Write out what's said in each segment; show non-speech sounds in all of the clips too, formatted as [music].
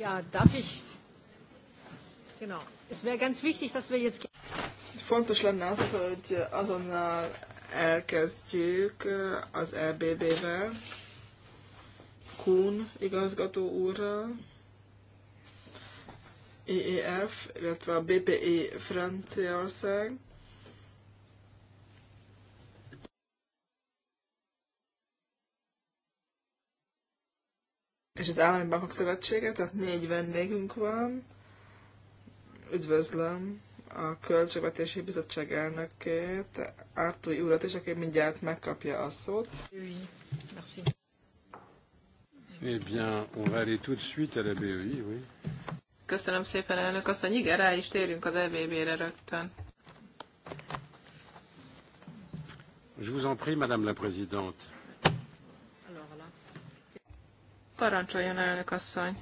Ja, darf ich? Genau. Es wäre ganz wichtig, dass wir jetzt... Fontos lenne az, hogy azonnal elkezdjük eh, az EBB-vel, Kuhn igazgató úrral, EEF, illetve a BPE Franciaország, és az Állami Bankok Szövetsége, tehát négy vendégünk van. Üdvözlöm a Költségvetési Bizottság elnökét, Ártói urat, és aki mindjárt megkapja a szót. Oui, merci. Eh bien, on va aller tout de suite à la BEI, oui. Köszönöm szépen, elnök asszony. Igen, rá is térünk az EBB-re rögtön. Je vous en prie, Madame la Présidente. Parancsoljon, elnök asszony!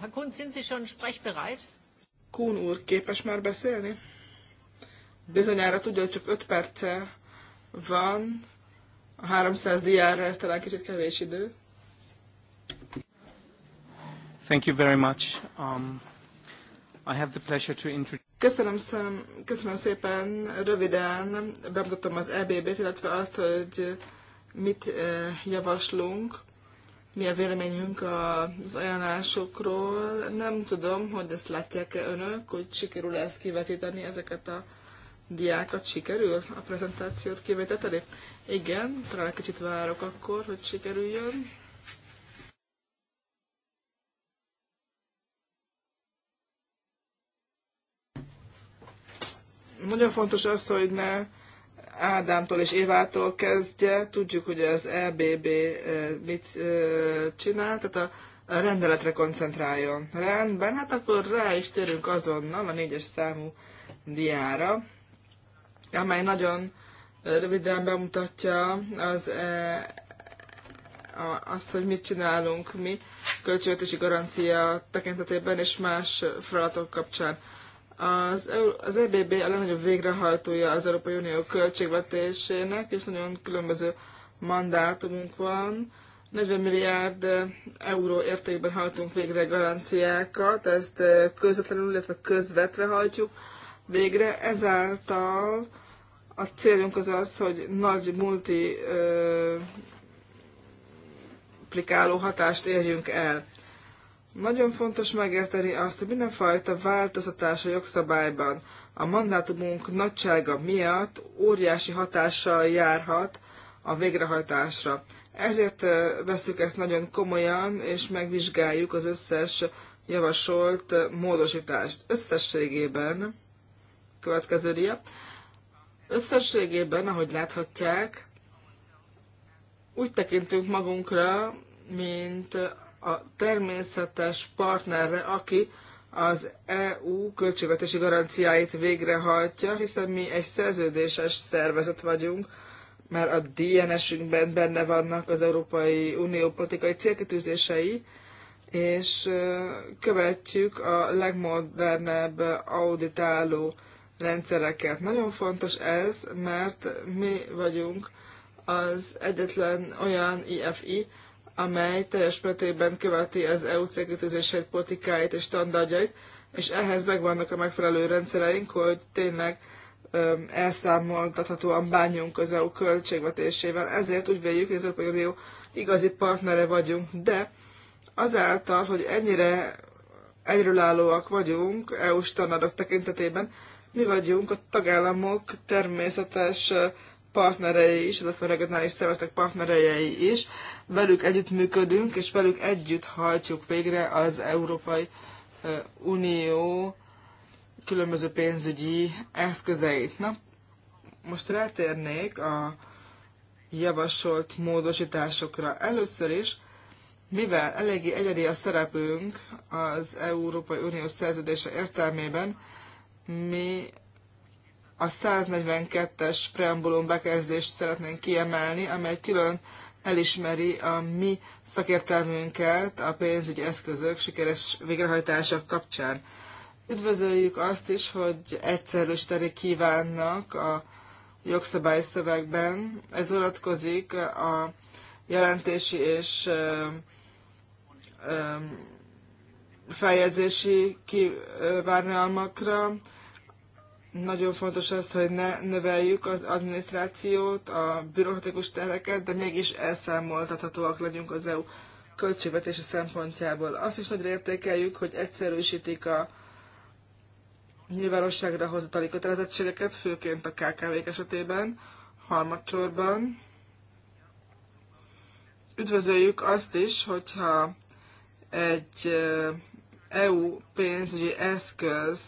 Herr Kuhn, sind Sie schon sprechbereit? Kuhn úr, képes már beszélni? Bizonyára tudja, hogy csak öt perce van. A 300 diára ez talán kicsit kevés idő. Thank you very much. Um, I have the pleasure to introduce... Köszönöm, szem, köszönöm szépen, röviden bemutatom az EBB-t, illetve azt, hogy mit javaslunk, mi a véleményünk az ajánlásokról. Nem tudom, hogy ezt látják-e önök, hogy sikerül -e ezt kivetíteni, ezeket a diákat sikerül a prezentációt kivéteteli? Igen, talán kicsit várok akkor, hogy sikerüljön. Nagyon fontos az, hogy ne Ádámtól és Évától kezdje, tudjuk, hogy az EBB eh, mit eh, csinál, tehát a rendeletre koncentráljon. Rendben, hát akkor rá is térünk azonnal a négyes számú diára, amely nagyon röviden bemutatja az, eh, azt, hogy mit csinálunk mi költségvetési garancia tekintetében és más feladatok kapcsán. Az, az EBB a legnagyobb végrehajtója az Európai Unió költségvetésének, és nagyon különböző mandátumunk van. 40 milliárd euró értékben hajtunk végre garanciákat, ezt közvetlenül, illetve közvetve hajtjuk végre. Ezáltal a célunk az az, hogy nagy multiplikáló hatást érjünk el. Nagyon fontos megérteni azt, hogy mindenfajta változtatás a jogszabályban a mandátumunk nagysága miatt óriási hatással járhat a végrehajtásra. Ezért veszük ezt nagyon komolyan, és megvizsgáljuk az összes javasolt módosítást. Összességében, következő dia, összességében, ahogy láthatják, úgy tekintünk magunkra, mint a természetes partnerre, aki az EU költségvetési garanciáit végrehajtja, hiszen mi egy szerződéses szervezet vagyunk, mert a DNS-ünkben benne vannak az Európai Unió politikai célkitűzései, és követjük a legmodernebb auditáló rendszereket. Nagyon fontos ez, mert mi vagyunk az egyetlen olyan IFI, amely teljes mértékben követi az EU célkütőzését, politikáit és standardjait, és ehhez megvannak a megfelelő rendszereink, hogy tényleg elszámoltathatóan bánjunk az EU költségvetésével. Ezért úgy véljük, hogy az Európai Unió igazi partnere vagyunk, de azáltal, hogy ennyire egyrülállóak vagyunk EU standardok tekintetében, mi vagyunk a tagállamok természetes partnerei is, illetve regionális szervezetek partnerei is. Velük együtt működünk, és velük együtt hajtjuk végre az Európai Unió különböző pénzügyi eszközeit. Na, most rátérnék a javasolt módosításokra. Először is, mivel eléggé egyedi a szerepünk az Európai Unió szerződése értelmében, mi a 142-es preambulum bekezdést szeretnénk kiemelni, amely külön elismeri a mi szakértelmünket a pénzügyi eszközök sikeres végrehajtása kapcsán. Üdvözöljük azt is, hogy egyszerűsíteni kívánnak a jogszabály szövegben. Ez vonatkozik a jelentési és feljegyzési kívánalmakra, nagyon fontos az, hogy ne növeljük az adminisztrációt, a bürokratikus tereket, de mégis elszámoltathatóak legyünk az EU költségvetési szempontjából. Azt is nagyra értékeljük, hogy egyszerűsítik a nyilvánosságra hozatali kötelezettségeket, főként a KKV-k esetében, harmadsorban. Üdvözöljük azt is, hogyha egy EU pénzügyi eszköz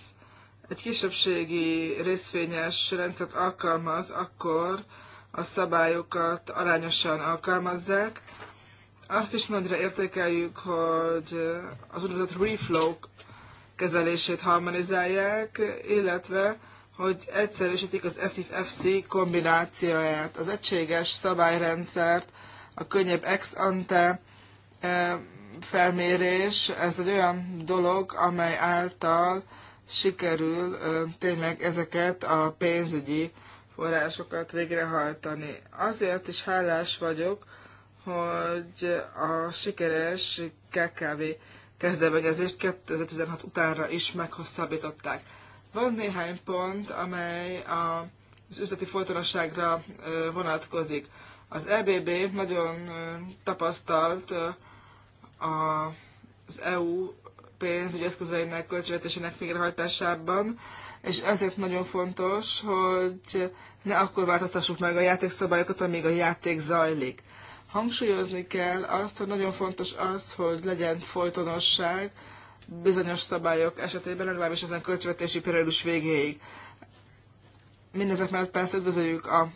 egy kisebbségi részvényes rendszert alkalmaz, akkor a szabályokat arányosan alkalmazzák. Azt is nagyra értékeljük, hogy az úgynevezett reflow kezelését harmonizálják, illetve hogy egyszerűsítik az SIF-FC kombinációját, az egységes szabályrendszert, a könnyebb ex ante eh, felmérés, ez egy olyan dolog, amely által sikerül tényleg ezeket a pénzügyi forrásokat végrehajtani. Azért is hálás vagyok, hogy a sikeres KKV kezdeményezést 2016 utánra is meghosszabbították. Van néhány pont, amely a, az üzleti folytonosságra vonatkozik. Az EBB nagyon tapasztalt az EU pénzügyi eszközeinek, költségvetésének félrehajtásában, és ezért nagyon fontos, hogy ne akkor változtassuk meg a játékszabályokat, amíg a játék zajlik. Hangsúlyozni kell azt, hogy nagyon fontos az, hogy legyen folytonosság bizonyos szabályok esetében, legalábbis ezen költségvetési periódus végéig. Mindezek mellett persze üdvözöljük a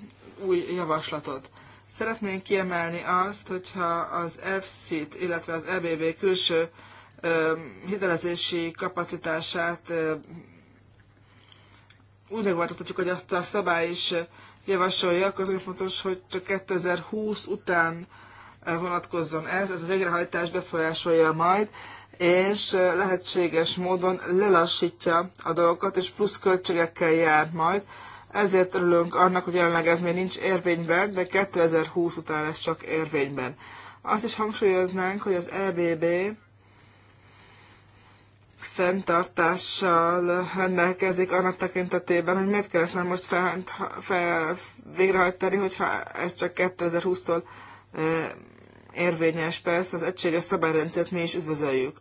új javaslatot. Szeretnénk kiemelni azt, hogyha az EFSZ-t, illetve az EBB külső hitelezési kapacitását úgy megváltoztatjuk, hogy azt a szabály is javasolja, akkor az nagyon fontos, hogy csak 2020 után vonatkozzon ez, ez a végrehajtás befolyásolja majd, és lehetséges módon lelassítja a dolgokat, és plusz költségekkel jár majd. Ezért örülünk annak, hogy jelenleg ez még nincs érvényben, de 2020 után lesz csak érvényben. Azt is hangsúlyoznánk, hogy az EBB fenntartással rendelkezik annak tekintetében, hogy miért kell ezt már most végrehajtani, hogyha ez csak 2020-tól érvényes. Persze az egységes szabályrendszert mi is üdvözöljük.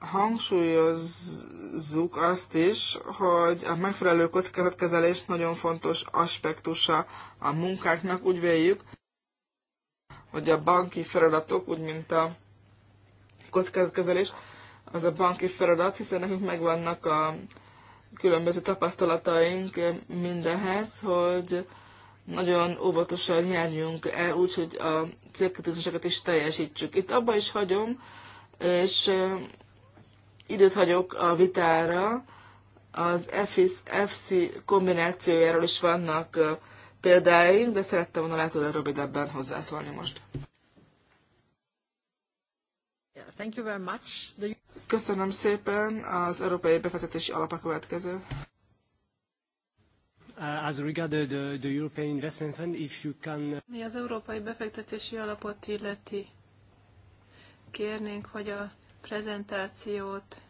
Hangsúlyozzuk azt is, hogy a megfelelő kockázatkezelés nagyon fontos aspektusa a munkáknak. Úgy véljük, hogy a banki feladatok, úgy mint a kockázatkezelés, az a banki feladat, hiszen nekünk megvannak a különböző tapasztalataink mindehez, hogy nagyon óvatosan járjunk el, úgyhogy a célkötőzéseket is teljesítsük. Itt abba is hagyom, és időt hagyok a vitára, az FC kombinációjáról is vannak példáink, de szerettem volna látod rövidebben hozzászólni most. Thank you very much. The... Köszönöm szépen az Európai Befektetési Alap a következő. Uh, as regards the, the European Investment Fund, if you can... Uh, Mi az Európai Befektetési Alapot illeti, kérnénk, hogy a prezentációt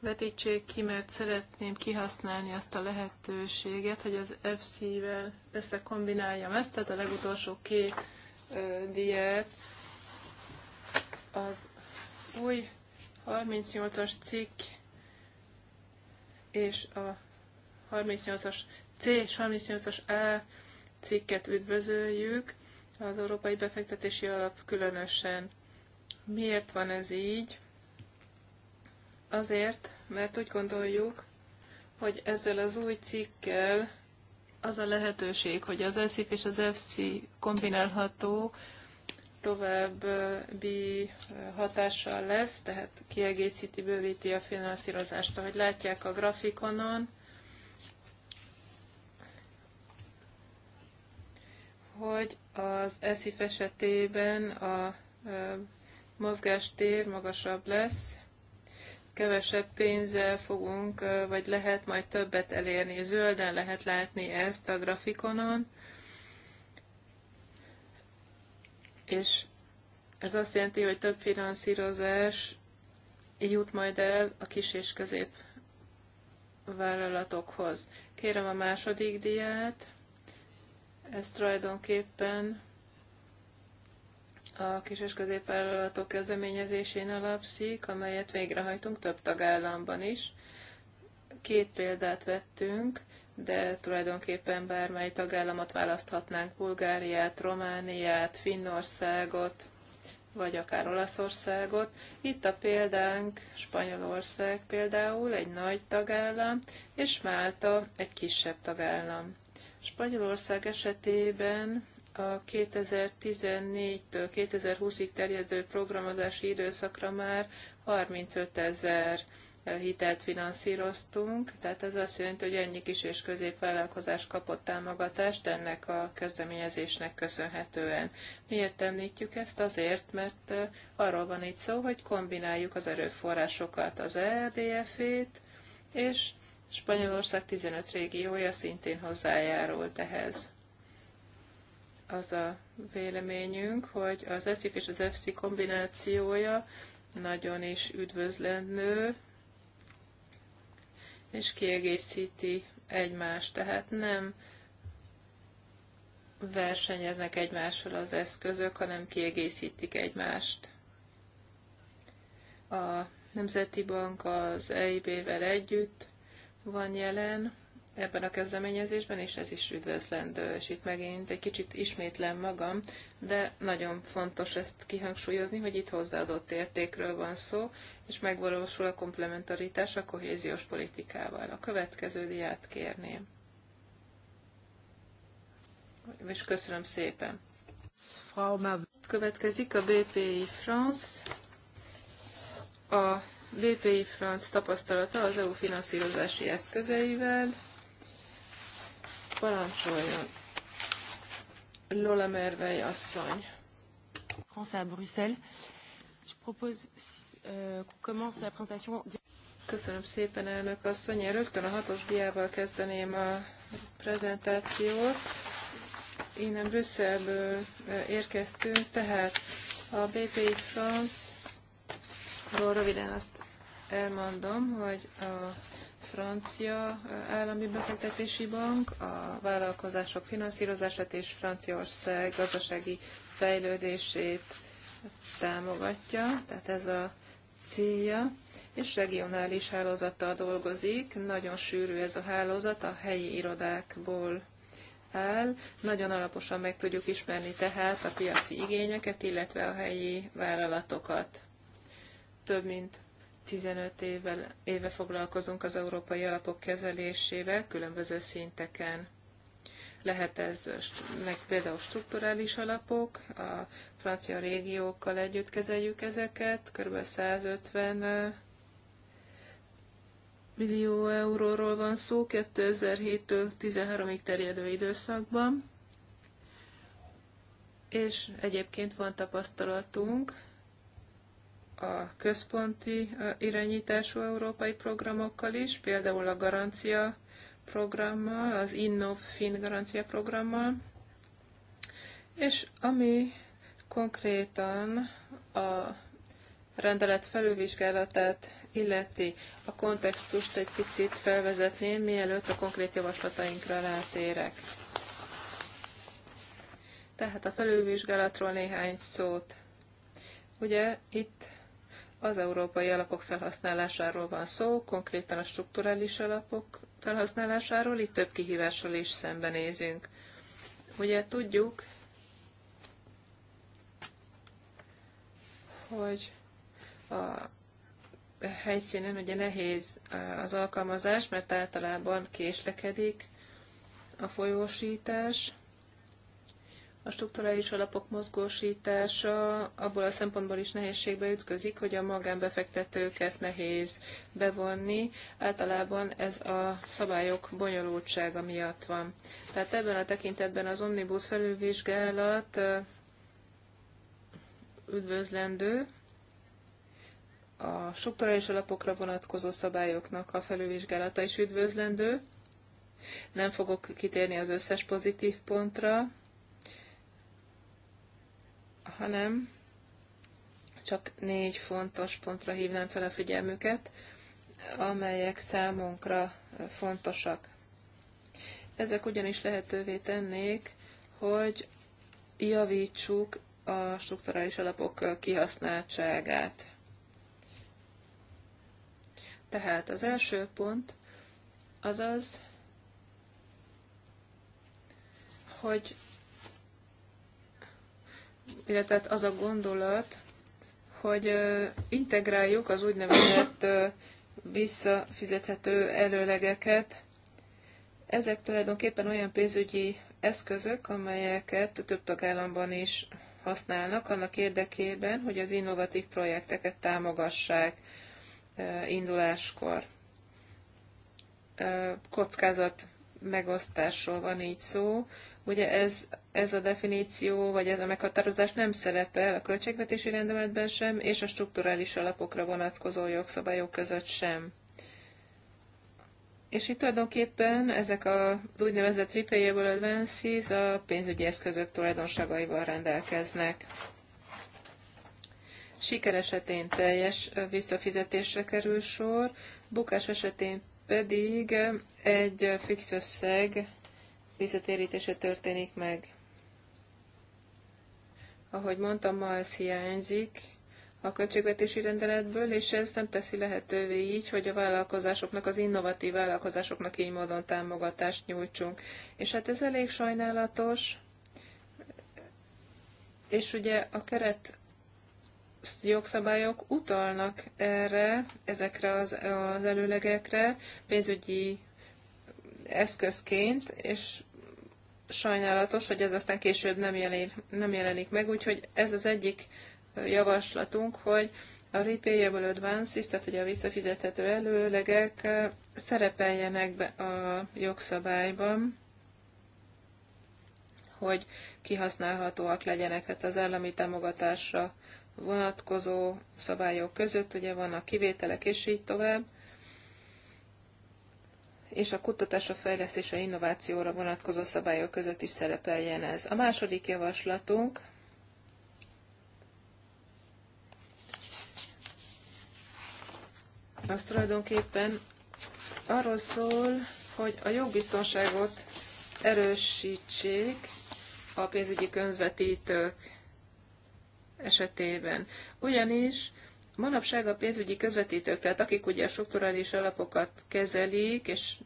vetítsék ki, mert szeretném kihasználni azt a lehetőséget, hogy az FC-vel összekombináljam ezt, tehát a legutolsó két diát az új 38-as cikk és a 38-as C és 38-as E cikket üdvözöljük, az Európai Befektetési Alap különösen. Miért van ez így? Azért, mert úgy gondoljuk, hogy ezzel az új cikkel az a lehetőség, hogy az ESZIP és az EFSI kombinálható, további hatással lesz, tehát kiegészíti, bővíti a finanszírozást, ahogy látják a grafikonon, hogy az ESZIF esetében a mozgástér magasabb lesz, kevesebb pénzzel fogunk, vagy lehet majd többet elérni. Zölden lehet látni ezt a grafikonon. és ez azt jelenti, hogy több finanszírozás jut majd el a kis és közép vállalatokhoz. Kérem a második diát. Ez tulajdonképpen a kis és középvállalatok kezdeményezésén alapszik, amelyet végrehajtunk több tagállamban is. Két példát vettünk, de tulajdonképpen bármely tagállamot választhatnánk, Bulgáriát, Romániát, Finnországot, vagy akár Olaszországot. Itt a példánk Spanyolország például egy nagy tagállam, és Málta egy kisebb tagállam. Spanyolország esetében a 2014-től 2020-ig terjedő programozási időszakra már 35 ezer hitelt finanszíroztunk, tehát ez azt jelenti, hogy ennyi kis és középvállalkozás kapott támogatást ennek a kezdeményezésnek köszönhetően. Miért említjük ezt? Azért, mert arról van itt szó, hogy kombináljuk az erőforrásokat, az ERDF-ét, és Spanyolország 15 régiója szintén hozzájárult ehhez. Az a véleményünk, hogy az ESZIF és az EFSZI kombinációja nagyon is üdvözlendő, és kiegészíti egymást. Tehát nem versenyeznek egymással az eszközök, hanem kiegészítik egymást. A Nemzeti Bank az EIB-vel együtt van jelen, ebben a kezdeményezésben, és ez is üdvözlendő, és itt megint egy kicsit ismétlem magam, de nagyon fontos ezt kihangsúlyozni, hogy itt hozzáadott értékről van szó, és megvalósul a komplementaritás a kohéziós politikával. A következő diát kérném. És köszönöm szépen. Következik a BPI France. A BPI France tapasztalata az EU finanszírozási eszközeivel Parancsoljon. Lola Mervei asszony. France à Bruxelles. Je propose euh, qu'on commence la présentation. Köszönöm szépen, elnök asszony. Én rögtön a hatos diával kezdeném a prezentációt. Innen Brüsszelből euh, érkeztünk, tehát a BPI France, Ról röviden azt elmondom, hogy a francia állami befektetési bank a vállalkozások finanszírozását és Franciaország gazdasági fejlődését támogatja, tehát ez a célja, és regionális hálózattal dolgozik. Nagyon sűrű ez a hálózat, a helyi irodákból áll. Nagyon alaposan meg tudjuk ismerni tehát a piaci igényeket, illetve a helyi vállalatokat. Több mint 15 évvel, éve foglalkozunk az európai alapok kezelésével különböző szinteken. Lehet ez például strukturális alapok, a francia régiókkal együtt kezeljük ezeket, kb. 150 millió euróról van szó 2007-től 13-ig terjedő időszakban. És egyébként van tapasztalatunk a központi irányítású európai programokkal is, például a garancia programmal, az Innov Fin garancia programmal, és ami konkrétan a rendelet felülvizsgálatát illeti a kontextust egy picit felvezetném, mielőtt a konkrét javaslatainkra rátérek. Tehát a felülvizsgálatról néhány szót. Ugye itt az európai alapok felhasználásáról van szó, konkrétan a strukturális alapok felhasználásáról, itt több kihívással is szembenézünk. Ugye tudjuk, hogy a helyszínen ugye nehéz az alkalmazás, mert általában késlekedik a folyósítás, a strukturális alapok mozgósítása abból a szempontból is nehézségbe ütközik, hogy a magánbefektetőket nehéz bevonni. Általában ez a szabályok bonyolultsága miatt van. Tehát ebben a tekintetben az omnibus felülvizsgálat üdvözlendő, a strukturális alapokra vonatkozó szabályoknak a felülvizsgálata is üdvözlendő. Nem fogok kitérni az összes pozitív pontra, hanem csak négy fontos pontra hívnám fel a figyelmüket, amelyek számunkra fontosak. Ezek ugyanis lehetővé tennék, hogy javítsuk a strukturális alapok kihasználtságát. Tehát az első pont az az, hogy illetve hát az a gondolat, hogy integráljuk az úgynevezett visszafizethető előlegeket. Ezek tulajdonképpen olyan pénzügyi eszközök, amelyeket több tagállamban is használnak annak érdekében, hogy az innovatív projekteket támogassák induláskor. Kockázat megosztásról van így szó, Ugye ez, ez a definíció, vagy ez a meghatározás nem szerepel a költségvetési rendeletben sem, és a strukturális alapokra vonatkozó jogszabályok között sem. És itt tulajdonképpen ezek az úgynevezett repayable advances a pénzügyi eszközök tulajdonságaival rendelkeznek. Siker esetén teljes visszafizetésre kerül sor, bukás esetén pedig egy fix összeg visszatérítése történik meg. Ahogy mondtam, ma ez hiányzik a költségvetési rendeletből, és ez nem teszi lehetővé így, hogy a vállalkozásoknak, az innovatív vállalkozásoknak így módon támogatást nyújtsunk. És hát ez elég sajnálatos, és ugye a keret jogszabályok utalnak erre, ezekre az, az előlegekre pénzügyi eszközként, és sajnálatos, hogy ez aztán később nem jelenik, nem jelenik meg, úgyhogy ez az egyik javaslatunk, hogy a repayable advances, tehát hogy a visszafizethető előlegek szerepeljenek be a jogszabályban, hogy kihasználhatóak legyenek tehát az állami támogatásra vonatkozó szabályok között, ugye vannak kivételek és így tovább és a a fejlesztés, a innovációra vonatkozó szabályok között is szerepeljen ez. A második javaslatunk az tulajdonképpen arról szól, hogy a jogbiztonságot erősítsék a pénzügyi közvetítők esetében. Ugyanis Manapság a pénzügyi közvetítők, tehát akik ugye a strukturális alapokat kezelik, és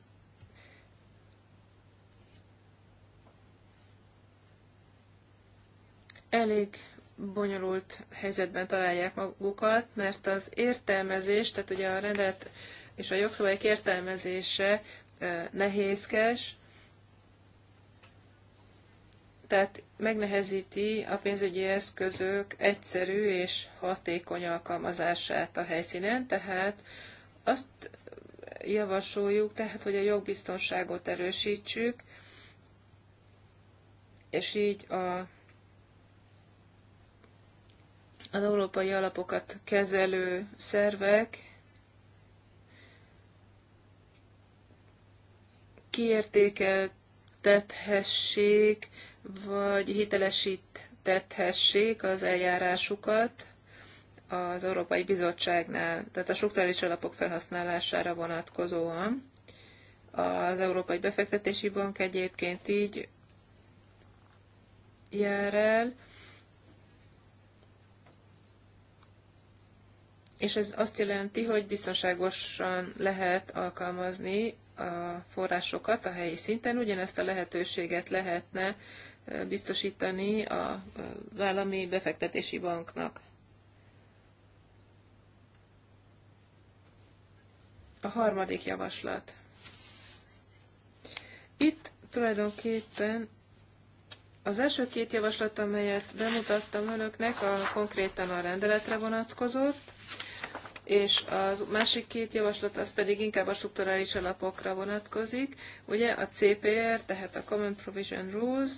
elég bonyolult helyzetben találják magukat, mert az értelmezés, tehát ugye a rendelet és a jogszabályok értelmezése eh, nehézkes, tehát megnehezíti a pénzügyi eszközök egyszerű és hatékony alkalmazását a helyszínen, tehát azt javasoljuk, tehát hogy a jogbiztonságot erősítsük, és így a, az európai alapokat kezelő szervek kiértékeltethessék, vagy hitelesítethessék az eljárásukat az Európai Bizottságnál, tehát a struktúrális alapok felhasználására vonatkozóan. Az Európai Befektetési Bank egyébként így jár el, és ez azt jelenti, hogy biztonságosan lehet alkalmazni a forrásokat a helyi szinten, ugyanezt a lehetőséget lehetne biztosítani a állami befektetési banknak. A harmadik javaslat. Itt tulajdonképpen az első két javaslat, amelyet bemutattam önöknek, a konkrétan a rendeletre vonatkozott, és a másik két javaslat az pedig inkább a strukturális alapokra vonatkozik. Ugye a CPR, tehát a Common Provision Rules,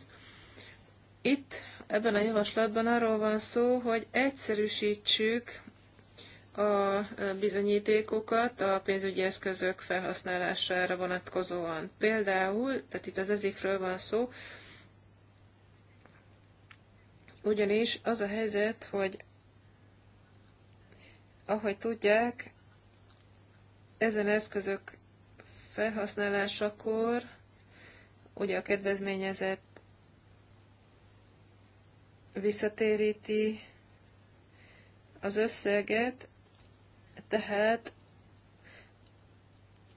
itt ebben a javaslatban arról van szó, hogy egyszerűsítsük a bizonyítékokat a pénzügyi eszközök felhasználására vonatkozóan. Például, tehát itt az ezikről van szó, ugyanis az a helyzet, hogy ahogy tudják, ezen eszközök felhasználásakor ugye a kedvezményezett visszatéríti az összeget, tehát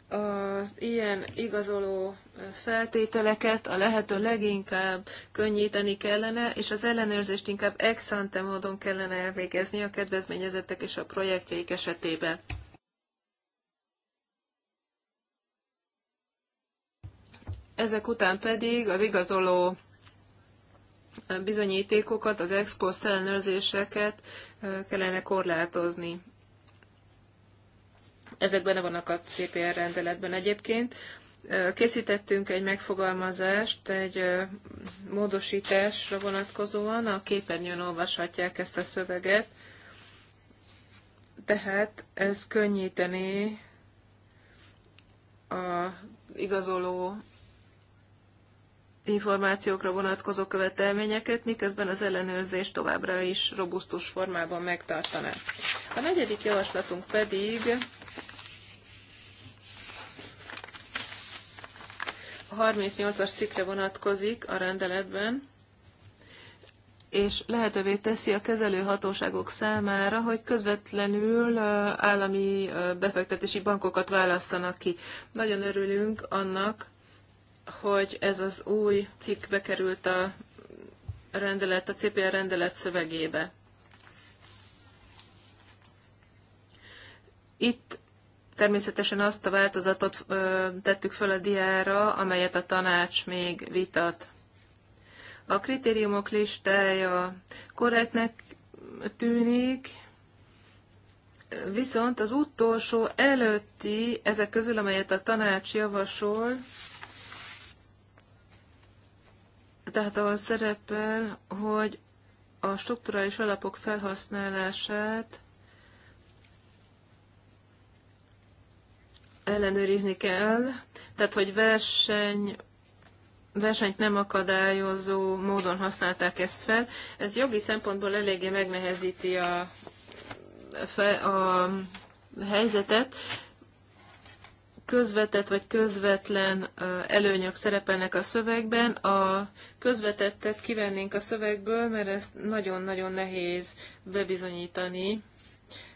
az ilyen igazoló feltételeket a lehető leginkább könnyíteni kellene, és az ellenőrzést inkább ex ante módon kellene elvégezni a kedvezményezettek és a projektjeik esetében. Ezek után pedig az igazoló bizonyítékokat, az ex post ellenőrzéseket kellene korlátozni. Ezek benne vannak a CPR rendeletben egyébként. Készítettünk egy megfogalmazást, egy módosításra vonatkozóan, a képernyőn olvashatják ezt a szöveget, tehát ez könnyítené a igazoló információkra vonatkozó követelményeket, miközben az ellenőrzés továbbra is robusztus formában megtartaná. A negyedik javaslatunk pedig a 38-as cikkre vonatkozik a rendeletben, és lehetővé teszi a kezelő hatóságok számára, hogy közvetlenül állami befektetési bankokat válasszanak ki. Nagyon örülünk annak, hogy ez az új cikk bekerült a rendelet, a CPR rendelet szövegébe. Itt természetesen azt a változatot ö, tettük föl a diára, amelyet a tanács még vitat. A kritériumok listája korrektnek tűnik, viszont az utolsó előtti ezek közül, amelyet a tanács javasol, tehát ahol szerepel, hogy a strukturális alapok felhasználását ellenőrizni kell, tehát hogy verseny, versenyt nem akadályozó módon használták ezt fel. Ez jogi szempontból eléggé megnehezíti a, a helyzetet, közvetett vagy közvetlen előnyök szerepelnek a szövegben. A közvetettet kivennénk a szövegből, mert ezt nagyon-nagyon nehéz bebizonyítani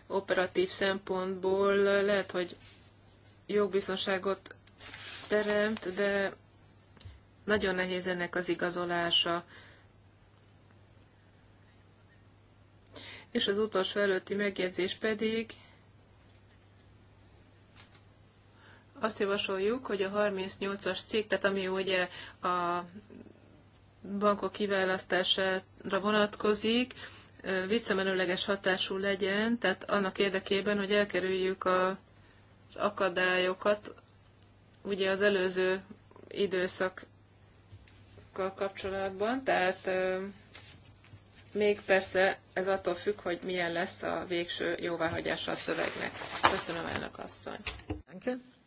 operatív szempontból. Lehet, hogy jogbiztonságot teremt, de nagyon nehéz ennek az igazolása. És az utolsó előtti megjegyzés pedig, azt javasoljuk, hogy a 38-as cikk, tehát ami ugye a bankok kiválasztására vonatkozik, visszamenőleges hatású legyen, tehát annak érdekében, hogy elkerüljük az akadályokat, ugye az előző időszakkal kapcsolatban, tehát még persze ez attól függ, hogy milyen lesz a végső jóváhagyása a szövegnek. Köszönöm, elnök asszony. Köszönöm.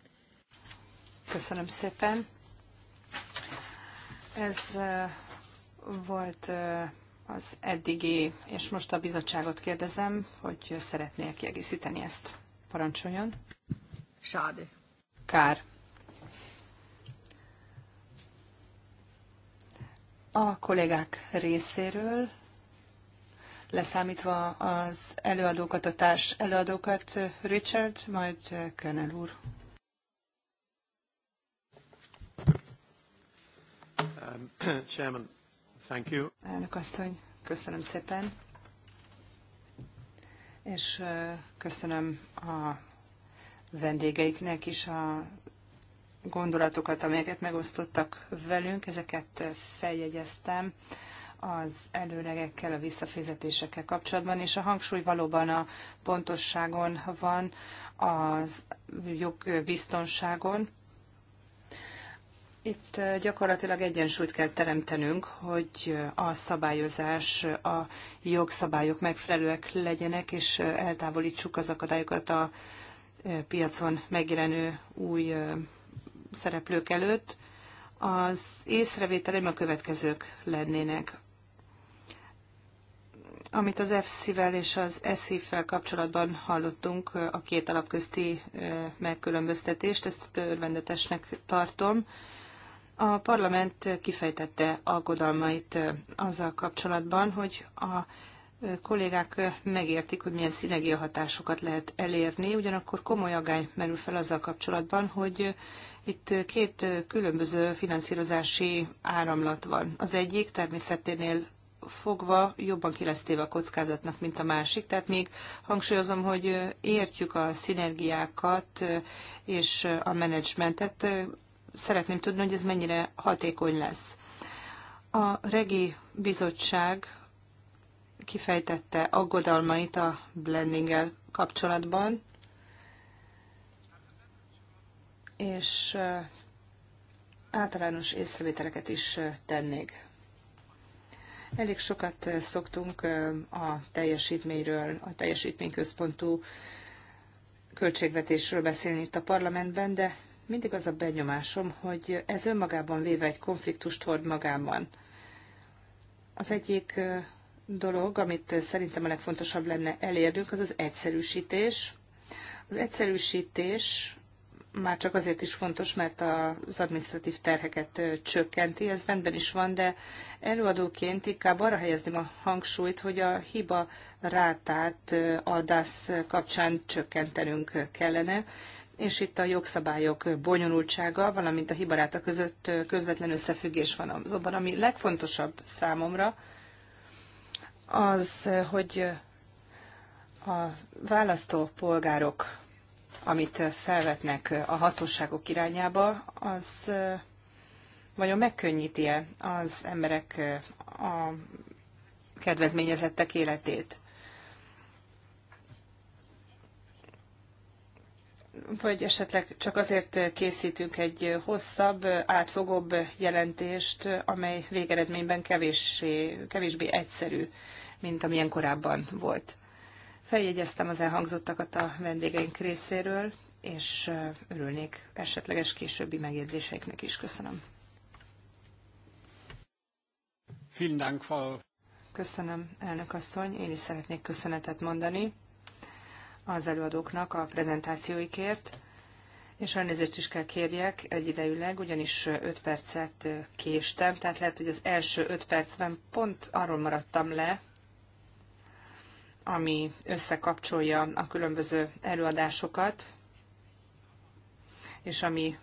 Köszönöm szépen. Ez volt az eddigi, és most a bizottságot kérdezem, hogy szeretnél kiegészíteni ezt. Parancsoljon. Sádi. Kár. A kollégák részéről, leszámítva az előadókat, a társ előadókat, Richard, majd Kernel úr. Um, [coughs] Elnök asszony, köszönöm szépen. És köszönöm a vendégeiknek is a gondolatokat, amelyeket megosztottak velünk, ezeket feljegyeztem az előlegekkel, a visszafizetésekkel kapcsolatban, és a hangsúly valóban a pontosságon van, az jogbiztonságon, itt gyakorlatilag egyensúlyt kell teremtenünk, hogy a szabályozás, a jogszabályok megfelelőek legyenek, és eltávolítsuk az akadályokat a piacon megjelenő új szereplők előtt. Az észrevételem a következők lennének. Amit az EFSZ-vel és az ESZIF-vel kapcsolatban hallottunk, a két alapközti megkülönböztetést, ezt örvendetesnek tartom a parlament kifejtette aggodalmait azzal kapcsolatban, hogy a kollégák megértik, hogy milyen szinergiahatásokat lehet elérni, ugyanakkor komoly agály merül fel azzal kapcsolatban, hogy itt két különböző finanszírozási áramlat van. Az egyik természeténél fogva jobban kilesztéve a kockázatnak, mint a másik. Tehát még hangsúlyozom, hogy értjük a szinergiákat és a menedzsmentet szeretném tudni, hogy ez mennyire hatékony lesz. A Regi Bizottság kifejtette aggodalmait a blendinggel kapcsolatban, és általános észrevételeket is tennék. Elég sokat szoktunk a teljesítményről, a teljesítményközpontú költségvetésről beszélni itt a parlamentben, de mindig az a benyomásom, hogy ez önmagában véve egy konfliktust hord magában. Az egyik dolog, amit szerintem a legfontosabb lenne elérnünk, az az egyszerűsítés. Az egyszerűsítés már csak azért is fontos, mert az administratív terheket csökkenti, ez rendben is van, de előadóként inkább arra helyezném a hangsúlyt, hogy a hiba rátát a DASZ kapcsán csökkentenünk kellene, és itt a jogszabályok bonyolultsága, valamint a hibaráta között közvetlen összefüggés van azonban, ami legfontosabb számomra, az, hogy a választópolgárok, amit felvetnek a hatóságok irányába, az vajon megkönnyíti-e az emberek a kedvezményezettek életét? vagy esetleg csak azért készítünk egy hosszabb, átfogóbb jelentést, amely végeredményben kevéssé, kevésbé egyszerű, mint amilyen korábban volt. Feljegyeztem az elhangzottakat a vendégeink részéről, és örülnék esetleges későbbi megjegyzéseiknek is. Köszönöm. Köszönöm, elnök asszony. Én is szeretnék köszönetet mondani az előadóknak a prezentációikért, és elnézést is kell kérjek egyidejűleg, ugyanis 5 percet késtem, tehát lehet, hogy az első 5 percben pont arról maradtam le, ami összekapcsolja a különböző előadásokat, és ami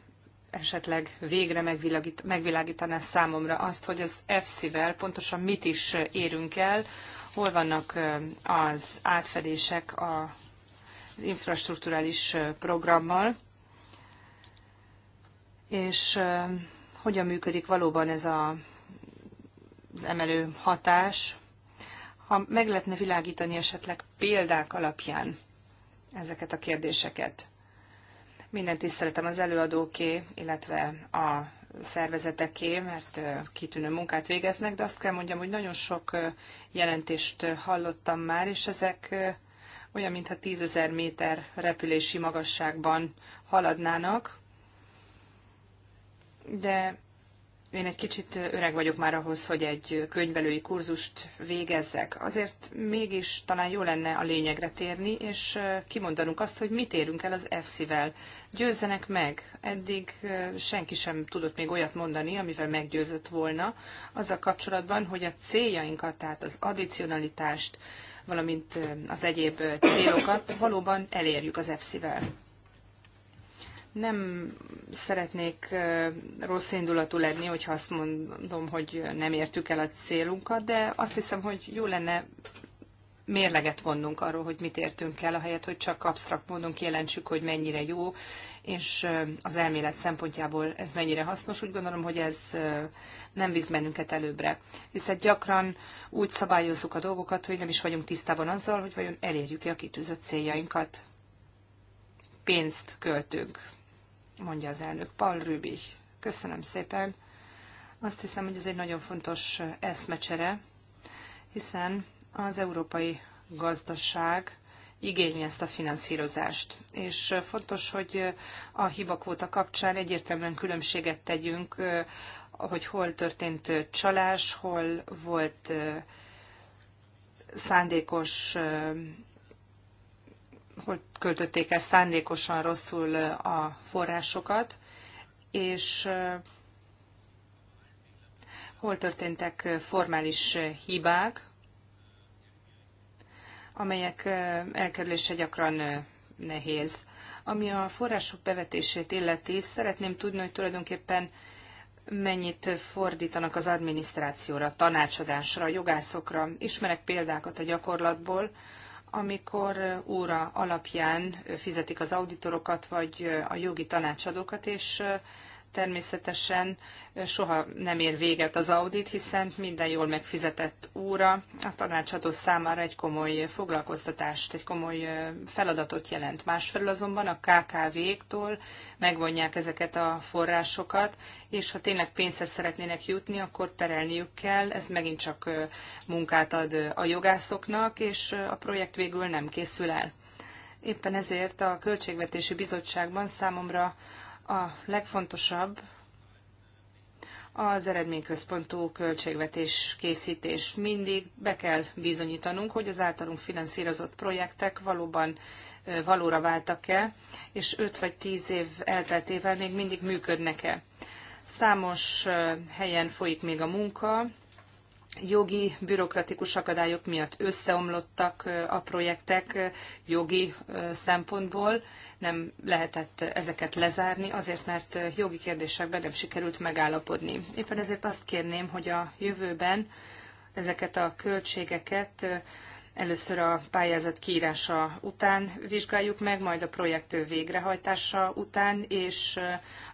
esetleg végre megvilágít, megvilágítaná számomra azt, hogy az EFSZ-vel pontosan mit is érünk el, hol vannak az átfedések a infrastruktúrális programmal, és hogyan működik valóban ez a, az emelő hatás, ha meg lehetne világítani esetleg példák alapján ezeket a kérdéseket. Minden tiszteletem az előadóké, illetve a szervezeteké, mert kitűnő munkát végeznek, de azt kell mondjam, hogy nagyon sok jelentést hallottam már, és ezek olyan, mintha tízezer méter repülési magasságban haladnának, de én egy kicsit öreg vagyok már ahhoz, hogy egy könyvelői kurzust végezzek. Azért mégis talán jó lenne a lényegre térni, és kimondanunk azt, hogy mit érünk el az EFSZ-vel. Győzzenek meg! Eddig senki sem tudott még olyat mondani, amivel meggyőzött volna, azzal kapcsolatban, hogy a céljainkat, tehát az addicionalitást, valamint az egyéb célokat valóban elérjük az EFSI-vel. Nem szeretnék rossz indulatú lenni, hogyha azt mondom, hogy nem értük el a célunkat, de azt hiszem, hogy jó lenne mérleget vonnunk arról, hogy mit értünk el, ahelyett, hogy csak absztrakt módon kijelentsük, hogy mennyire jó és az elmélet szempontjából ez mennyire hasznos. Úgy gondolom, hogy ez nem visz bennünket előbbre. Hiszen gyakran úgy szabályozzuk a dolgokat, hogy nem is vagyunk tisztában azzal, hogy vajon elérjük-e a kitűzött céljainkat. Pénzt költünk, mondja az elnök. Paul Rübi. Köszönöm szépen. Azt hiszem, hogy ez egy nagyon fontos eszmecsere, hiszen az európai gazdaság igényli ezt a finanszírozást. És fontos, hogy a hibakvóta kapcsán egyértelműen különbséget tegyünk, hogy hol történt csalás, hol volt szándékos hogy költötték el szándékosan rosszul a forrásokat, és hol történtek formális hibák, amelyek elkerülése gyakran nehéz. Ami a források bevetését illeti, szeretném tudni, hogy tulajdonképpen mennyit fordítanak az adminisztrációra, tanácsadásra, jogászokra. Ismerek példákat a gyakorlatból, amikor óra alapján fizetik az auditorokat vagy a jogi tanácsadókat, és természetesen soha nem ér véget az audit, hiszen minden jól megfizetett óra a tanácsadó számára egy komoly foglalkoztatást, egy komoly feladatot jelent. Másfelől azonban a KKV-któl megvonják ezeket a forrásokat, és ha tényleg pénzhez szeretnének jutni, akkor perelniük kell, ez megint csak munkát ad a jogászoknak, és a projekt végül nem készül el. Éppen ezért a Költségvetési Bizottságban számomra a legfontosabb az eredményközpontú költségvetés készítés. Mindig be kell bizonyítanunk, hogy az általunk finanszírozott projektek valóban valóra váltak-e, és 5 vagy 10 év elteltével még mindig működnek-e. Számos helyen folyik még a munka, jogi, bürokratikus akadályok miatt összeomlottak a projektek jogi szempontból. Nem lehetett ezeket lezárni, azért mert jogi kérdésekben nem sikerült megállapodni. Éppen ezért azt kérném, hogy a jövőben ezeket a költségeket Először a pályázat kiírása után vizsgáljuk meg, majd a projekt végrehajtása után, és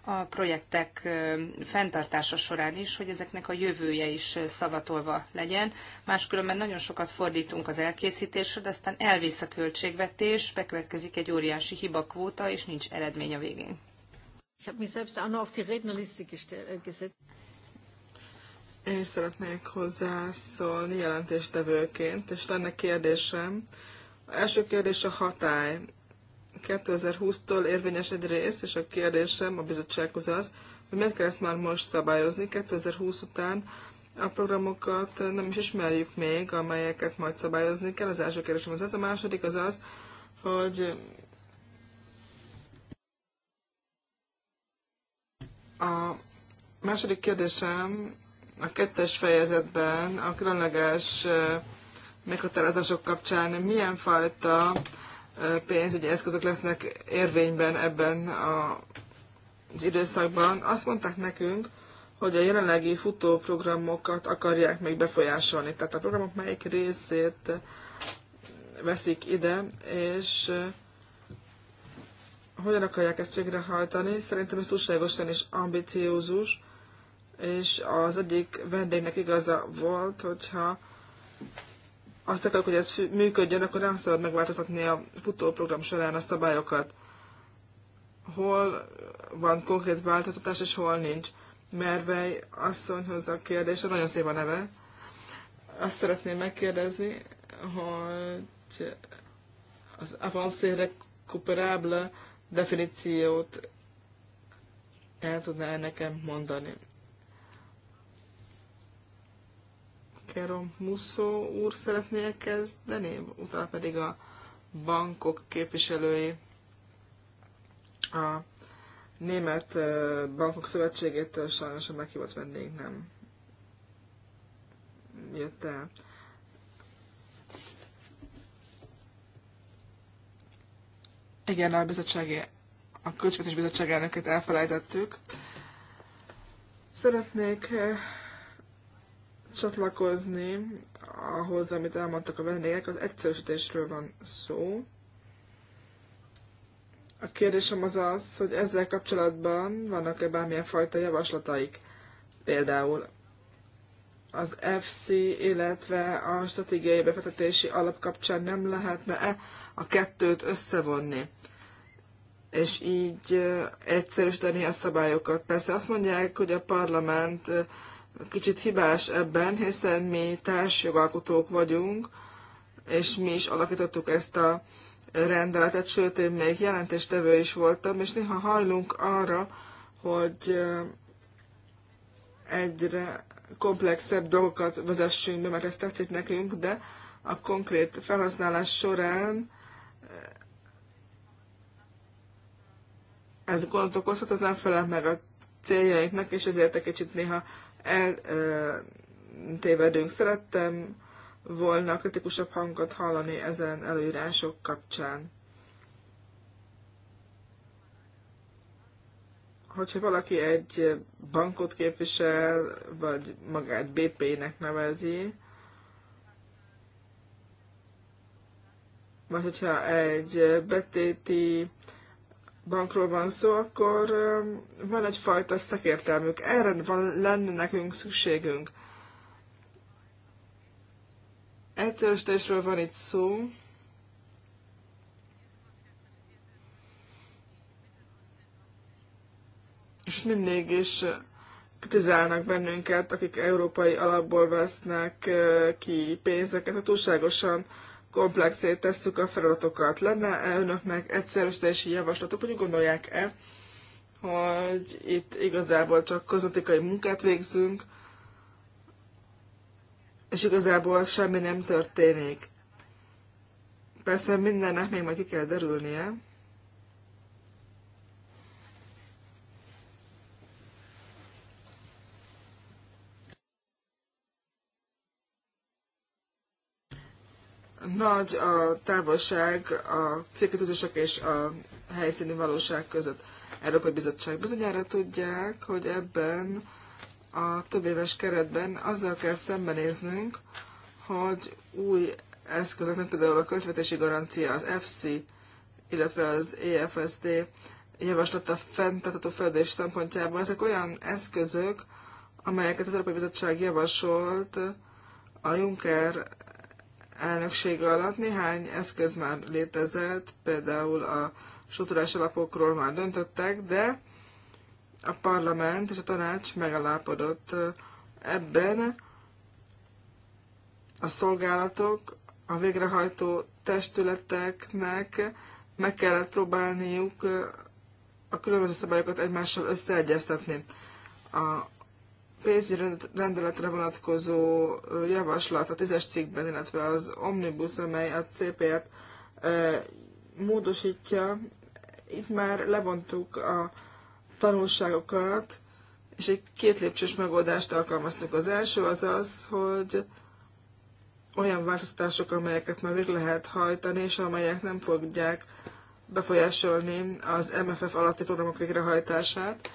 a projektek fenntartása során is, hogy ezeknek a jövője is szavatolva legyen. Máskülönben nagyon sokat fordítunk az elkészítésre, de aztán elvész a költségvetés, bekövetkezik egy óriási hibakvóta, és nincs eredmény a végén. Én is szeretnék hozzászólni jelentéstevőként, és lenne kérdésem. A első kérdés a hatály. 2020-tól érvényes egy rész, és a kérdésem a bizottsághoz az, hogy miért kell ezt már most szabályozni. 2020 után a programokat nem is ismerjük még, amelyeket majd szabályozni kell. Az első kérdésem az ez, a második az az, hogy a második kérdésem a kettes fejezetben a különleges meghatározások kapcsán milyen fajta pénzügyi eszközök lesznek érvényben ebben a, az időszakban. Azt mondták nekünk, hogy a jelenlegi futóprogramokat akarják még befolyásolni. Tehát a programok melyik részét veszik ide, és hogyan akarják ezt végrehajtani. Szerintem ez túlságosan is ambiciózus és az egyik vendégnek igaza volt, hogyha azt akarok, hogy ez működjön, akkor nem szabad megváltoztatni a futóprogram során a szabályokat. Hol van konkrét változtatás, és hol nincs. Mervej asszonyhoz a a nagyon szép a neve. Azt szeretném megkérdezni, hogy az avancé recuperable definíciót el tudná -e nekem mondani. Vaquero Musso úr szeretné kezdeni, utána pedig a bankok képviselői a Német Bankok Szövetségétől sajnos a meghívott vendég nem jött el. Igen, a bizottsági, a költségvetés bizottság elnöket elfelejtettük. Szeretnék csatlakozni ahhoz, amit elmondtak a vendégek, az egyszerűsítésről van szó. A kérdésem az az, hogy ezzel kapcsolatban vannak-e bármilyen fajta javaslataik? Például az FC, illetve a stratégiai befektetési alap kapcsán nem lehetne-e a kettőt összevonni? és így egyszerűsíteni a szabályokat. Persze azt mondják, hogy a parlament kicsit hibás ebben, hiszen mi társjogalkotók vagyunk, és mi is alakítottuk ezt a rendeletet, sőt, én még jelentéstevő is voltam, és néha hallunk arra, hogy egyre komplexebb dolgokat vezessünk be, mert ez tetszik nekünk, de a konkrét felhasználás során ez gondot okozhat, az nem felel meg a céljainknak, és ezért egy kicsit néha eltévedünk. Szerettem volna kritikusabb hangot hallani ezen előírások kapcsán. Hogyha valaki egy bankot képvisel, vagy magát BP-nek nevezi, vagy hogyha egy betéti bankról van szó, akkor van egyfajta szakértelmük. Erre van, lenne nekünk szükségünk. Egyszerűsítésről van itt szó. És mindig is kritizálnak bennünket, akik európai alapból vesznek ki pénzeket, ha túlságosan komplexé tesszük a feladatokat. lenne -e önöknek teljesi javaslatok, hogy gondolják-e, hogy itt igazából csak kozmetikai munkát végzünk, és igazából semmi nem történik. Persze mindennek még majd ki kell derülnie, nagy a távolság a célkötözések és a helyszíni valóság között. Európai Bizottság bizonyára tudják, hogy ebben a több éves keretben azzal kell szembenéznünk, hogy új eszközök, mint például a költvetési garancia, az FC, illetve az EFSD javaslata fenntartató fejlődés szempontjából, ezek olyan eszközök, amelyeket az Európai Bizottság javasolt a Juncker elnöksége alatt. Néhány eszköz már létezett, például a struktúrás alapokról már döntöttek, de a parlament és a tanács megalápodott ebben a szolgálatok, a végrehajtó testületeknek meg kellett próbálniuk a különböző szabályokat egymással összeegyeztetni. A pénzügyi rendeletre vonatkozó javaslat a tízes cikkben, illetve az Omnibus, amely a CPR-t módosítja. Itt már levontuk a tanulságokat, és egy két lépcsős megoldást alkalmaztuk. Az első az az, hogy olyan változtatások, amelyeket már végre lehet hajtani, és amelyek nem fogják befolyásolni az MFF alatti programok végrehajtását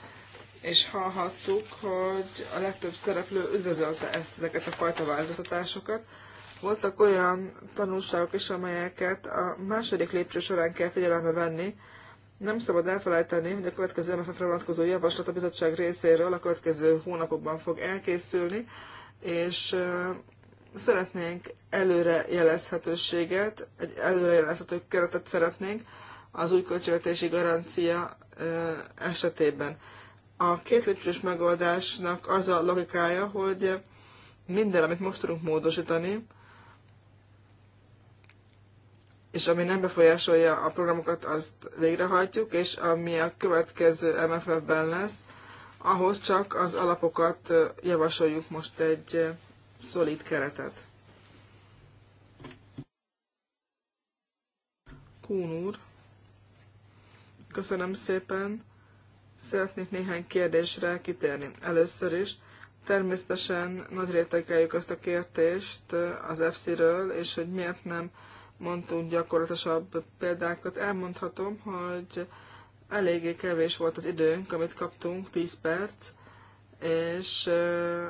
és hallhattuk, hogy a legtöbb szereplő üdvözölte ezt, ezeket a fajta változtatásokat. Voltak olyan tanulságok is, amelyeket a második lépcső során kell figyelembe venni. Nem szabad elfelejteni, hogy a következő MFF-re vonatkozó javaslat a bizottság részéről a következő hónapokban fog elkészülni, és szeretnénk előrejelezhetőséget, egy előrejelezhető keretet szeretnénk az új költségvetési garancia esetében. A két lépcsős megoldásnak az a logikája, hogy minden, amit most tudunk módosítani, és ami nem befolyásolja a programokat, azt végrehajtjuk, és ami a következő MFF-ben lesz, ahhoz csak az alapokat javasoljuk most egy szolid keretet. Kún úr, köszönöm szépen. Szeretnék néhány kérdésre kitérni. Először is, természetesen nagy rétegeljük azt a kérdést eh, az FC-ről, és hogy miért nem mondtunk gyakorlatosabb példákat. Elmondhatom, hogy eléggé kevés volt az időnk, amit kaptunk, 10 perc, és eh,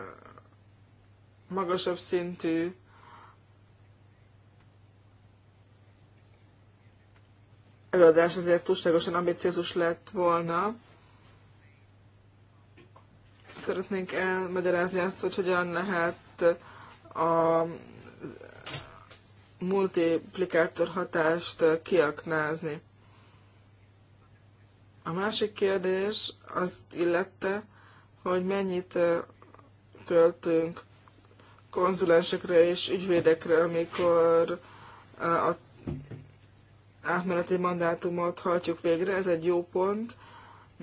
magasabb szintű előadás azért túlságosan ambiciózus lett volna, szeretnénk elmagyarázni azt, hogy hogyan lehet a multiplikátor hatást kiaknázni. A másik kérdés azt illette, hogy mennyit költünk konzulensekre és ügyvédekre, amikor a átmeneti mandátumot hajtjuk végre. Ez egy jó pont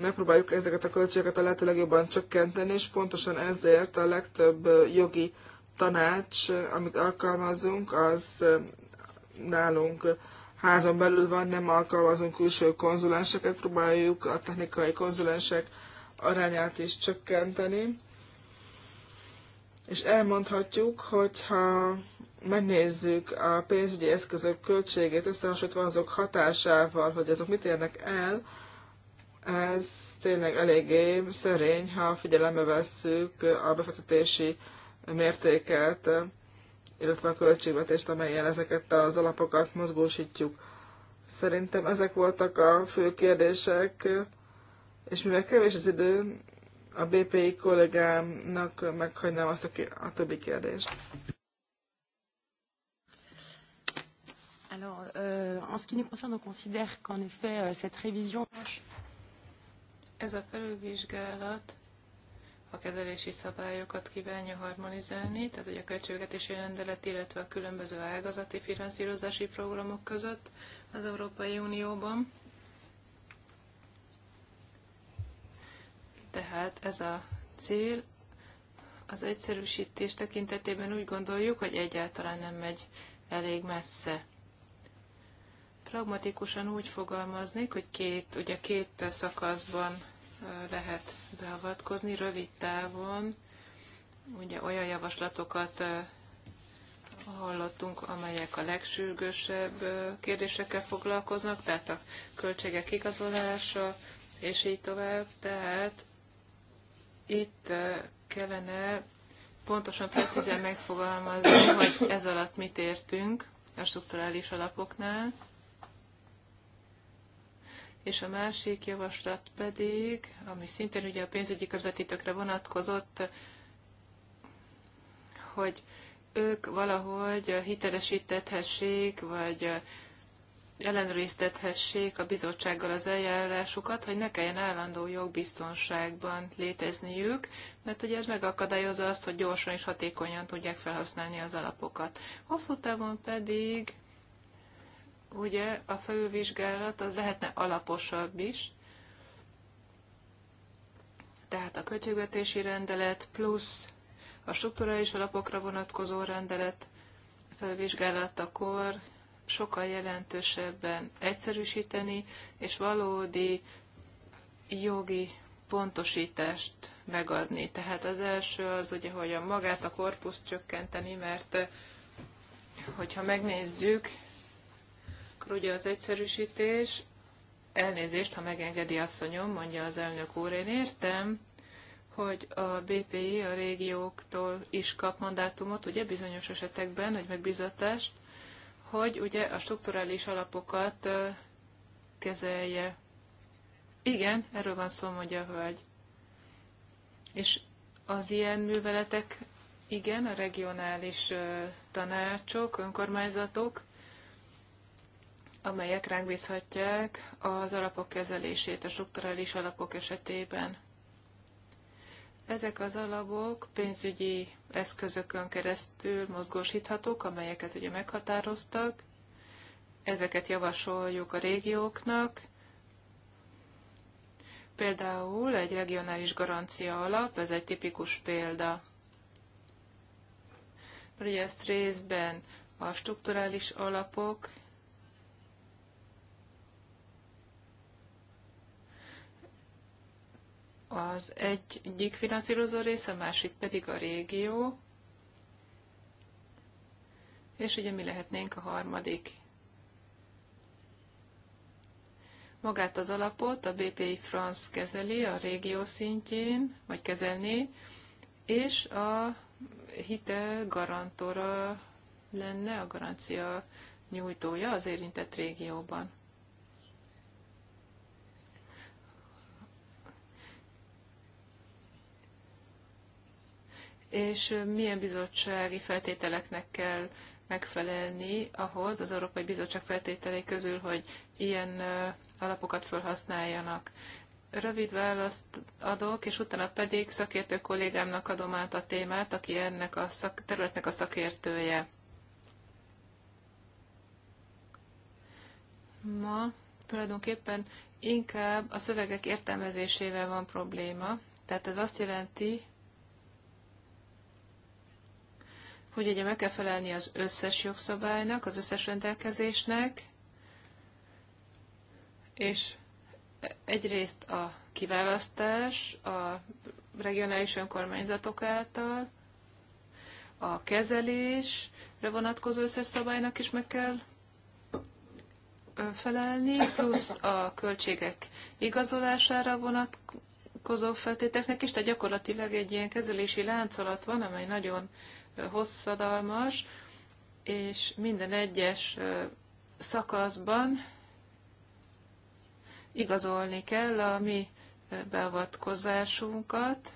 megpróbáljuk ezeket a költségeket a lehető legjobban csökkenteni, és pontosan ezért a legtöbb jogi tanács, amit alkalmazunk, az nálunk házon belül van, nem alkalmazunk külső konzulenseket, próbáljuk a technikai konzulensek arányát is csökkenteni. És elmondhatjuk, hogyha megnézzük a pénzügyi eszközök költségét összehasonlítva azok hatásával, hogy azok mit érnek el, ez tényleg eléggé szörény, ha figyelembe vesszük a befektetési mértéket, illetve a költségvetést, amelyen ezeket az alapokat mozgósítjuk. Szerintem ezek voltak a fő kérdések, és mivel kevés az idő, a BPI kollégámnak meghagynám azt a, a többi kérdést. Alors, euh, en ce qui nous concerne, on considère qu'en effet, euh, cette révision... Ez a felülvizsgálat a kezelési szabályokat kívánja harmonizálni, tehát hogy a költségvetési rendelet, illetve a különböző ágazati finanszírozási programok között az Európai Unióban. Tehát ez a cél. Az egyszerűsítés tekintetében úgy gondoljuk, hogy egyáltalán nem megy elég messze pragmatikusan úgy fogalmaznék, hogy két, ugye két szakaszban lehet beavatkozni rövid távon. Ugye olyan javaslatokat hallottunk, amelyek a legsürgősebb kérdésekkel foglalkoznak, tehát a költségek igazolása, és így tovább. Tehát itt kellene pontosan, precízen megfogalmazni, hogy ez alatt mit értünk a strukturális alapoknál és a másik javaslat pedig, ami szintén ugye a pénzügyi közvetítőkre vonatkozott, hogy ők valahogy hitelesítethessék, vagy ellenőriztethessék a bizottsággal az eljárásukat, hogy ne kelljen állandó jogbiztonságban létezniük, mert ugye ez megakadályozza azt, hogy gyorsan és hatékonyan tudják felhasználni az alapokat. Hosszú távon pedig ugye a felülvizsgálat az lehetne alaposabb is, tehát a költségvetési rendelet plusz a strukturális alapokra vonatkozó rendelet felvizsgálatakor sokkal jelentősebben egyszerűsíteni, és valódi jogi pontosítást megadni. Tehát az első az ugye, hogy a magát a korpuszt csökkenteni, mert hogyha megnézzük, akkor ugye az egyszerűsítés, elnézést, ha megengedi asszonyom, mondja az elnök úr, én értem, hogy a BPI a régióktól is kap mandátumot, ugye bizonyos esetekben, hogy megbizatást, hogy ugye a strukturális alapokat kezelje. Igen, erről van szó, mondja a hölgy. És az ilyen műveletek, igen, a regionális tanácsok, önkormányzatok amelyek ránk bízhatják az alapok kezelését a strukturális alapok esetében. Ezek az alapok pénzügyi eszközökön keresztül mozgósíthatók, amelyeket ugye meghatároztak. Ezeket javasoljuk a régióknak. Például egy regionális garancia alap, ez egy tipikus példa. Ugye ezt részben a strukturális alapok Az egyik finanszírozó része, a másik pedig a régió, és ugye mi lehetnénk a harmadik. Magát az alapot a BPI France kezeli a régió szintjén, vagy kezelni, és a hitel garantora lenne a garancia nyújtója az érintett régióban. és milyen bizottsági feltételeknek kell megfelelni ahhoz az Európai Bizottság feltételei közül, hogy ilyen alapokat felhasználjanak. Rövid választ adok, és utána pedig szakértő kollégámnak adom át a témát, aki ennek a szak, területnek a szakértője. Ma tulajdonképpen inkább a szövegek értelmezésével van probléma. Tehát ez azt jelenti, hogy ugye meg kell felelni az összes jogszabálynak, az összes rendelkezésnek, és egyrészt a kiválasztás a regionális önkormányzatok által, a kezelésre vonatkozó összes szabálynak is meg kell felelni, plusz a költségek igazolására vonatkozó, vonatkozó feltételeknek is, tehát gyakorlatilag egy ilyen kezelési láncolat van, amely nagyon hosszadalmas, és minden egyes szakaszban igazolni kell a mi beavatkozásunkat,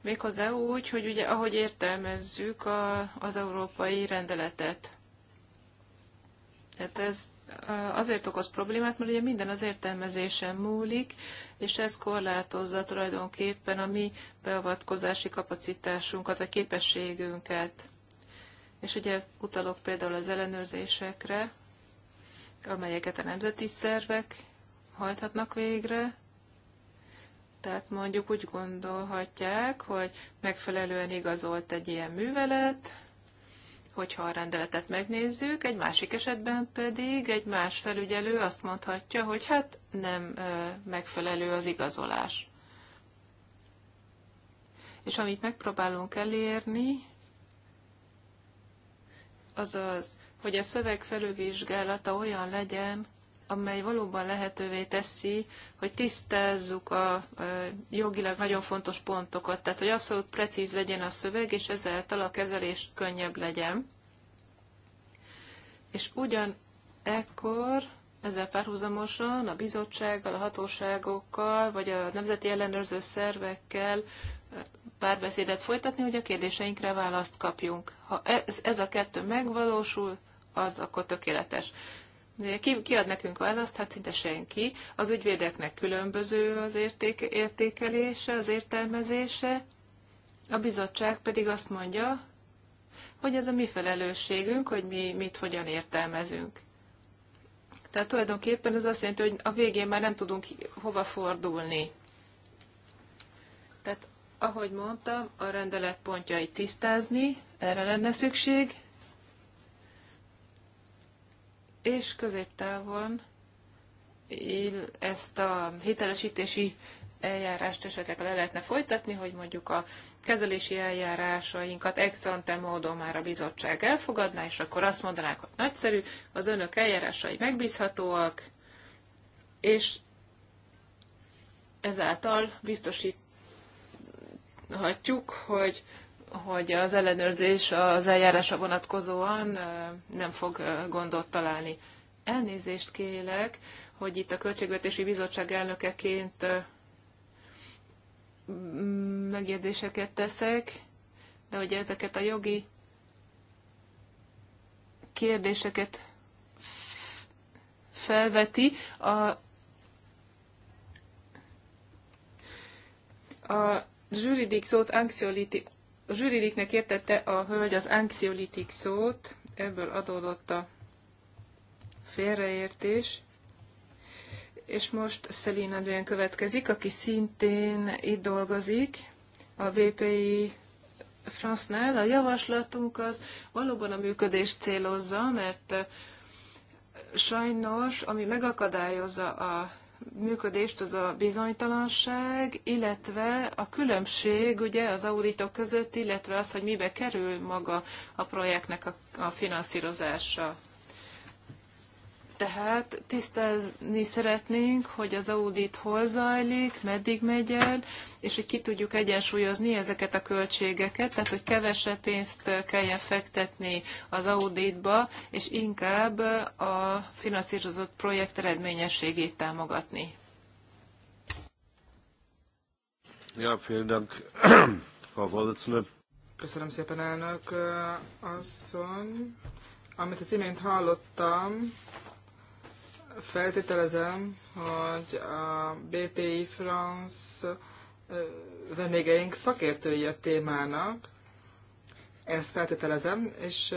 méghozzá úgy, hogy ugye ahogy értelmezzük a, az európai rendeletet. Tehát ez azért okoz problémát, mert ugye minden az értelmezésen múlik, és ez korlátozza tulajdonképpen a mi beavatkozási kapacitásunkat, a képességünket. És ugye utalok például az ellenőrzésekre, amelyeket a nemzeti szervek hajthatnak végre, tehát mondjuk úgy gondolhatják, hogy megfelelően igazolt egy ilyen művelet, hogyha a rendeletet megnézzük, egy másik esetben pedig egy más felügyelő azt mondhatja, hogy hát nem megfelelő az igazolás. És amit megpróbálunk elérni, az az, hogy a szöveg felülvizsgálata olyan legyen, amely valóban lehetővé teszi, hogy tisztázzuk a jogilag nagyon fontos pontokat, tehát hogy abszolút precíz legyen a szöveg, és ezáltal a kezelés könnyebb legyen. És ugyan ekkor ezzel párhuzamosan a bizottsággal, a hatóságokkal, vagy a nemzeti ellenőrző szervekkel párbeszédet folytatni, hogy a kérdéseinkre választ kapjunk. Ha ez, ez a kettő megvalósul, az akkor tökéletes. Ki, ki ad nekünk választ? Hát szinte senki. Az ügyvédeknek különböző az érték, értékelése, az értelmezése, a bizottság pedig azt mondja, hogy ez a mi felelősségünk, hogy mi mit hogyan értelmezünk. Tehát tulajdonképpen ez azt jelenti, hogy a végén már nem tudunk hova fordulni. Tehát, ahogy mondtam, a rendelet pontjait tisztázni, erre lenne szükség, és középtávon ezt a hitelesítési eljárást esetleg le lehetne folytatni, hogy mondjuk a kezelési eljárásainkat ex ante módon már a bizottság elfogadná, és akkor azt mondanák, hogy nagyszerű, az önök eljárásai megbízhatóak, és ezáltal biztosíthatjuk, hogy hogy az ellenőrzés az eljárása vonatkozóan nem fog gondot találni. Elnézést kérek, hogy itt a Költségvetési Bizottság elnökeként megjegyzéseket teszek, de hogy ezeket a jogi kérdéseket felveti. A, a juridik szót anxioliti Zsüriliknek értette a hölgy az anxiolitik szót, ebből adódott a félreértés. És most Szelina Dően következik, aki szintén itt dolgozik, a VPI Franznál. A javaslatunk az valóban a működést célozza, mert sajnos, ami megakadályozza a működést az a bizonytalanság, illetve a különbség ugye az auditok között, illetve az, hogy mibe kerül maga a projektnek a, a finanszírozása. Tehát tisztázni szeretnénk, hogy az audit hol zajlik, meddig megy el, és hogy ki tudjuk egyensúlyozni ezeket a költségeket, tehát hogy kevesebb pénzt kelljen fektetni az auditba, és inkább a finanszírozott projekt eredményességét támogatni. Ja, vielen Dank, [clears throat] Frau Vorsitzende. Köszönöm szépen, elnök asszony. Amit az imént hallottam, feltételezem, hogy a BPI France vendégeink szakértői a témának, ezt feltételezem, és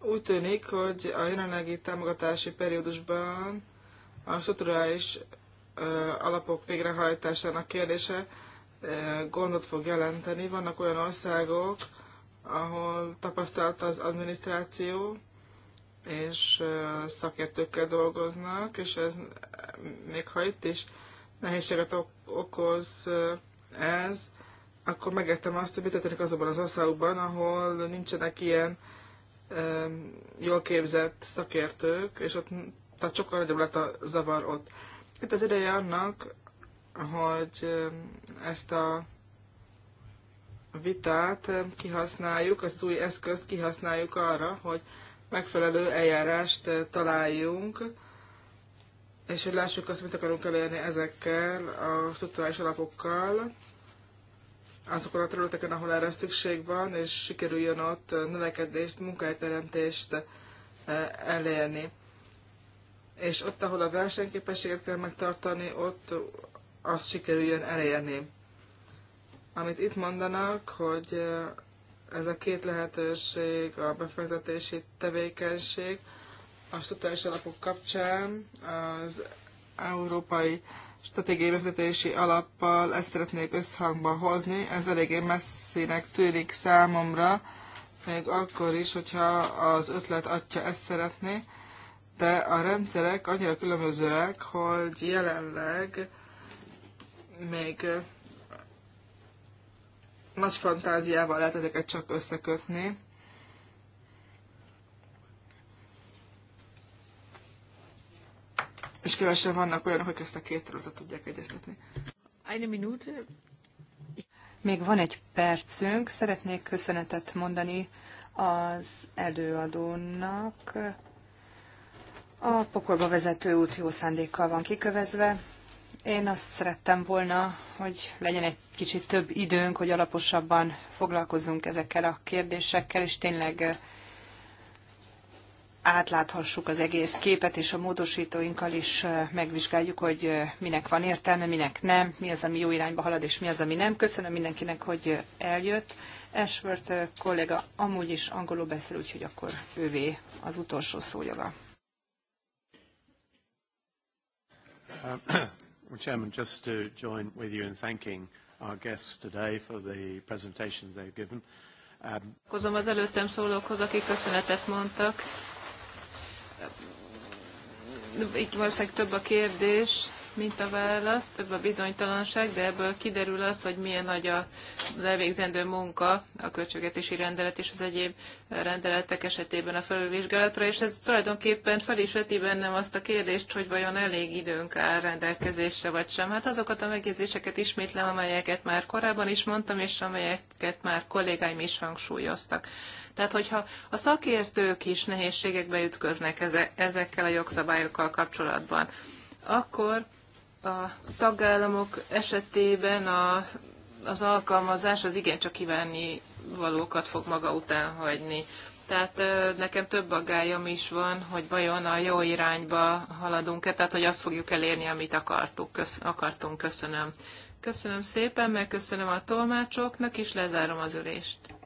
úgy tűnik, hogy a jelenlegi támogatási periódusban a strukturális alapok végrehajtásának kérdése gondot fog jelenteni. Vannak olyan országok, ahol tapasztalta az adminisztráció, és szakértőkkel dolgoznak, és ez még ha itt is nehézséget okoz ez, akkor megértem azt, hogy mit történik azokban az országokban, ahol nincsenek ilyen jól képzett szakértők, és ott tehát sokkal nagyobb lett a zavar ott. Itt az ideje annak, hogy ezt a vitát kihasználjuk, az új eszközt kihasználjuk arra, hogy megfelelő eljárást eh, találjunk, és hogy lássuk azt, mit akarunk elérni ezekkel a strukturális alapokkal, azokon a területeken, ahol erre szükség van, és sikerüljön ott eh, növekedést, munkahelyteremtést eh, elérni. És ott, ahol a versenyképességet kell megtartani, ott azt sikerüljön elérni. Amit itt mondanak, hogy ez a két lehetőség, a befektetési tevékenység, a struktúrális alapok kapcsán az európai stratégiai befektetési alappal ezt szeretnék összhangba hozni. Ez eléggé messzinek tűnik számomra, még akkor is, hogyha az ötlet atya ezt szeretné, de a rendszerek annyira különbözőek, hogy jelenleg még nagy fantáziával lehet ezeket csak összekötni. És kevesen vannak olyanok, akik ezt a két területet tudják egyeztetni. Egy minút. Még van egy percünk. Szeretnék köszönetet mondani az előadónak. A pokolba vezető út jó szándékkal van kikövezve. Én azt szerettem volna, hogy legyen egy kicsit több időnk, hogy alaposabban foglalkozzunk ezekkel a kérdésekkel, és tényleg eh, átláthassuk az egész képet, és a módosítóinkkal is eh, megvizsgáljuk, hogy eh, minek van értelme, minek nem, mi az, ami jó irányba halad, és mi az, ami nem. Köszönöm mindenkinek, hogy eljött. Ashworth kollega, amúgy is angolul beszél, úgyhogy akkor ővé az utolsó szójoga. Uh, Well, Chairman, just to join with you in thanking our guests today for the presentations they've given. Um, az előttem szólókhoz, akik köszönetet mondtak. Itt valószínűleg több a kérdés, mint a válasz, több a bizonytalanság, de ebből kiderül az, hogy milyen nagy a levégzendő munka a költségvetési rendelet és az egyéb rendeletek esetében a felülvizsgálatra, és ez tulajdonképpen fel is veti bennem azt a kérdést, hogy vajon elég időnk áll rendelkezésre vagy sem. Hát azokat a megjegyzéseket ismétlem, amelyeket már korábban is mondtam, és amelyeket már kollégáim is hangsúlyoztak. Tehát, hogyha a szakértők is nehézségekbe ütköznek ezekkel a jogszabályokkal kapcsolatban, akkor a tagállamok esetében a, az alkalmazás az igencsak kívánni valókat fog maga után hagyni. Tehát nekem több aggályom is van, hogy vajon a jó irányba haladunk-e, tehát hogy azt fogjuk elérni, amit akartuk. Kösz, akartunk. Köszönöm. Köszönöm szépen, megköszönöm a tolmácsoknak, és lezárom az ülést.